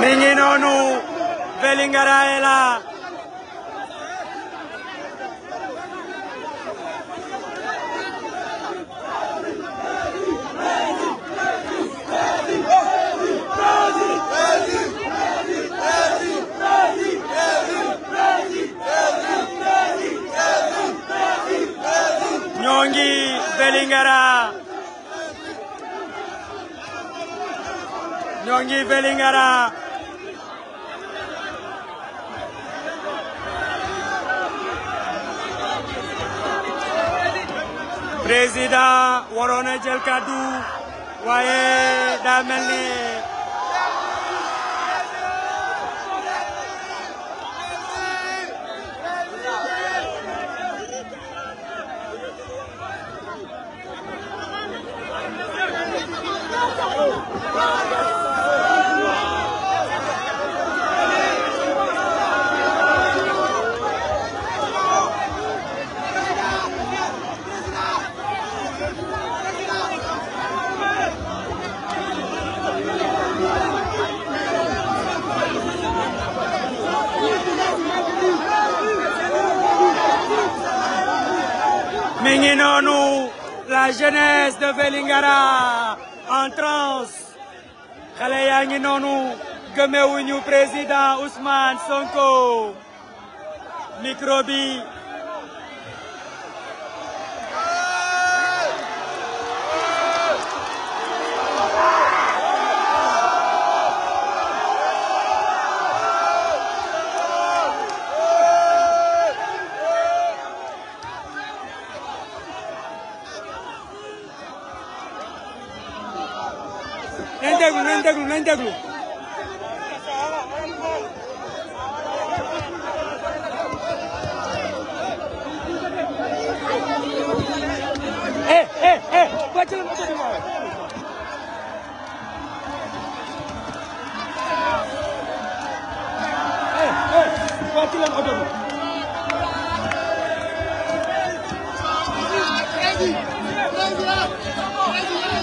mi ngi noonu Vélingara yi la ñoo ngi Vélingara ñoo ngi président waroon na jël kàddu waaye daa la jeunesse de Vélingara en transe xale yaa ngi noonu gëmewuñu président Ousmane Sonko micro bi nañ déglu nañ déglu nañ déglu eh eh eh wàccal moto bi ma eh eh wàccal moto bi Thank you.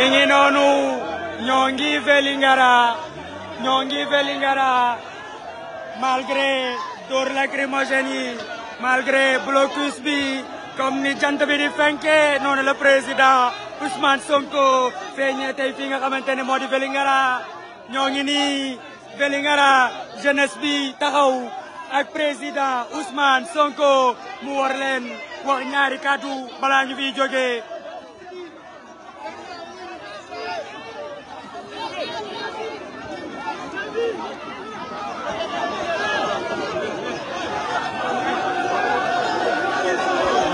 mi ngi noonu ñoo ngi Vélingara ñoo ngi Vélingara malgré dóor lacrymogène yi malgré blocus bi comme ni jant bi di fenke noonu la président Ousmane Sonko feeñee tey nga xamante ni moo di Vélingara ñoo ngi nii Vélingara jeunesse bi taxaw ak président Ousmane Sonko mu war leen wax ñaari kàddu balaa ñu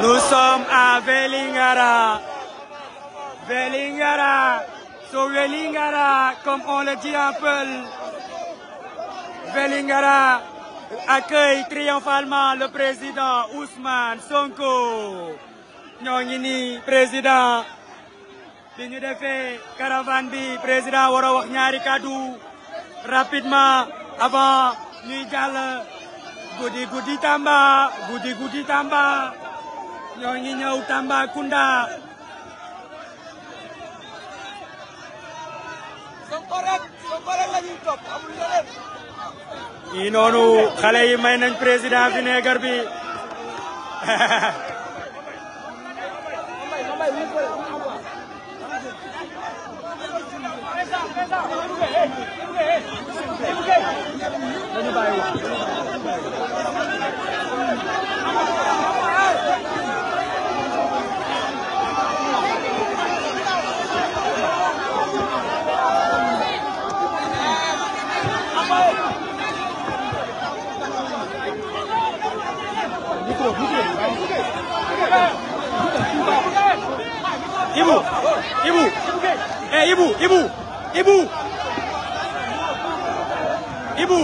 Nous sommes à Vélingara. Vélingara. So Vélingara, comme on le dit en Peul. Vélingara accueille triomphalement le président Ousmane Sonko. ñoo ngi nii président bi ñu defee caravane bi président war a wax ñaari kàddu rapidement avant ñuy jàll guddi guddi Tamba guddi ñoo ngi ñëw Tambacounda président Ibu, Ibu, eh Ibu, Ibu, Ibu, Ibu.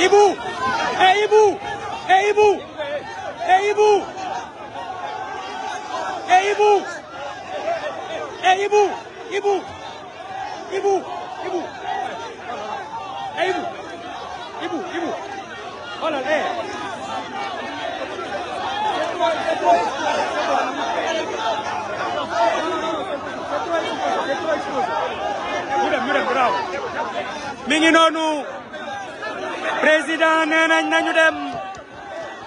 Ibu, Ibu, eh Ibu, eh Ibu, eh Ibu. Ibou eh Ibou Ibou Ibou Ibou eh Ibou Ibou Ibou xoolal eh. ñu dem ñu dem bravo. mi ngi noonu président nee nañ nañu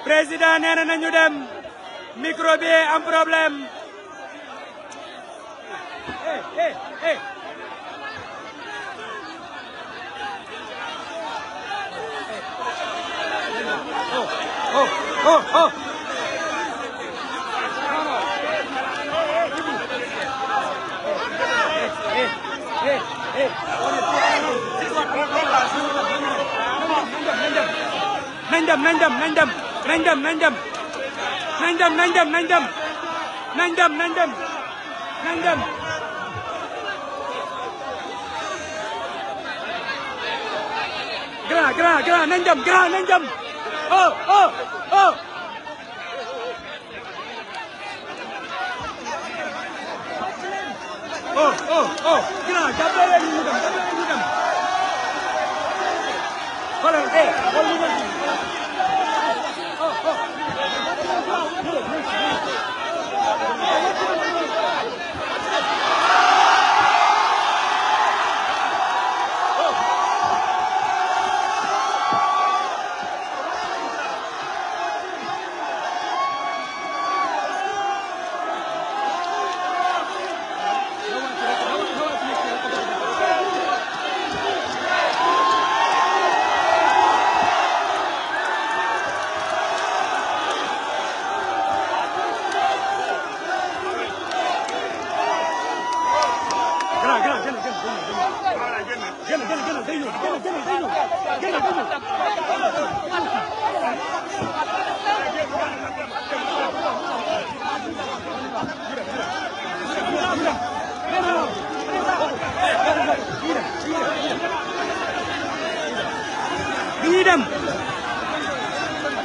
président nee nañu dem micro am problème. Oh, oh. nañ dem nañ dem nañ dem nañ dem nañ dem nañ dem nañ dem nañ dem nañ dem nañ dem nañ dem grand grand grand nañ dem grand nañ dem oh oh oh. oh oh oh grand jàppale leen ñu dem jàppale leen ñu dem xoolal eh xool Hey,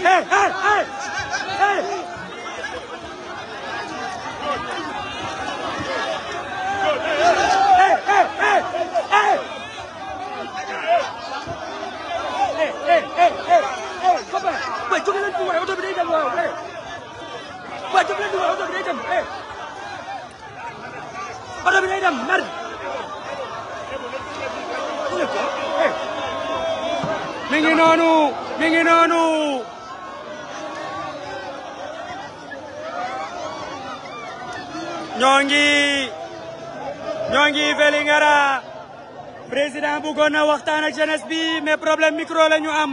hey, hey! waaye bi day dem waaw eh bi mi ngi noonu mi ngi noonu ñoo ngi ñoo ngi Vélingara président bëggoon na waxtaan ak jeunesse problème micro la am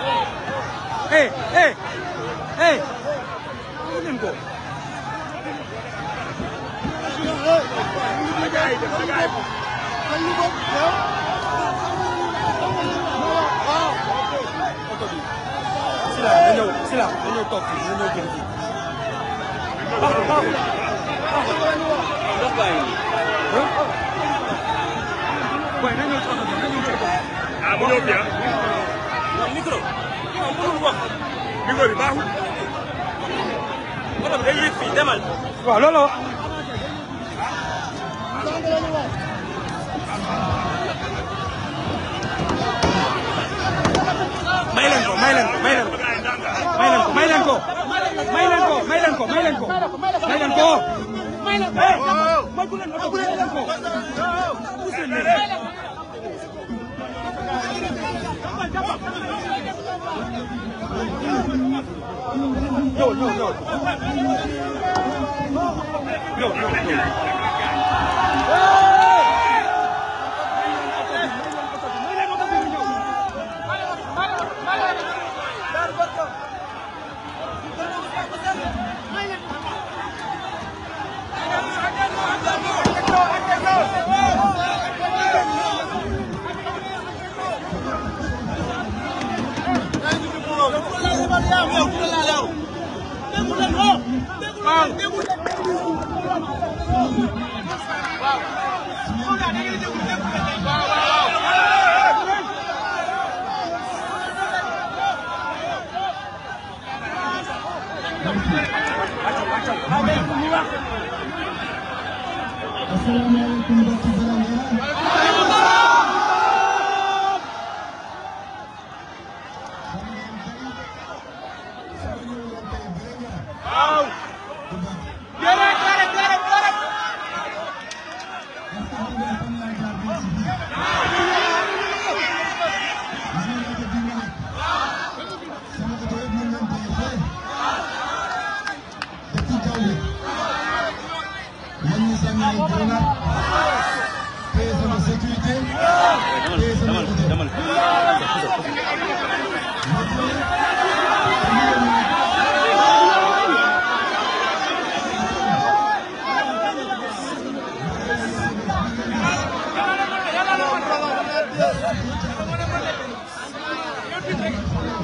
eh eh eh dégg ngeen ko. sila nga ñëw sila nga ñëw toog fii nga ñëw jëm fii. baaxul baaxul baaxul. ndox baa ngi nii. waaye na ñëw ci oto bi na ñëw ci oto bi. ah mu ñëw bi ah. micro. moom mënul wax micro bi baaxul. oto bi day yëg fii demal. waaw loolu. may leen ko may leen ko may leen ko may leen ko may leen ko may leen ko may leen ko may leen ko. may leen ko may ku leen oto may leen ko. pousse leen No, no, no. No, no, no. Oh, asalaamaaleykum bi nañ ñu sànni grenade téye sama sécurité téye sama oto ma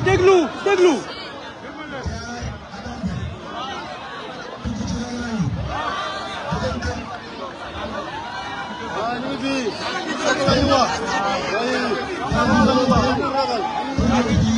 déglu déglu bi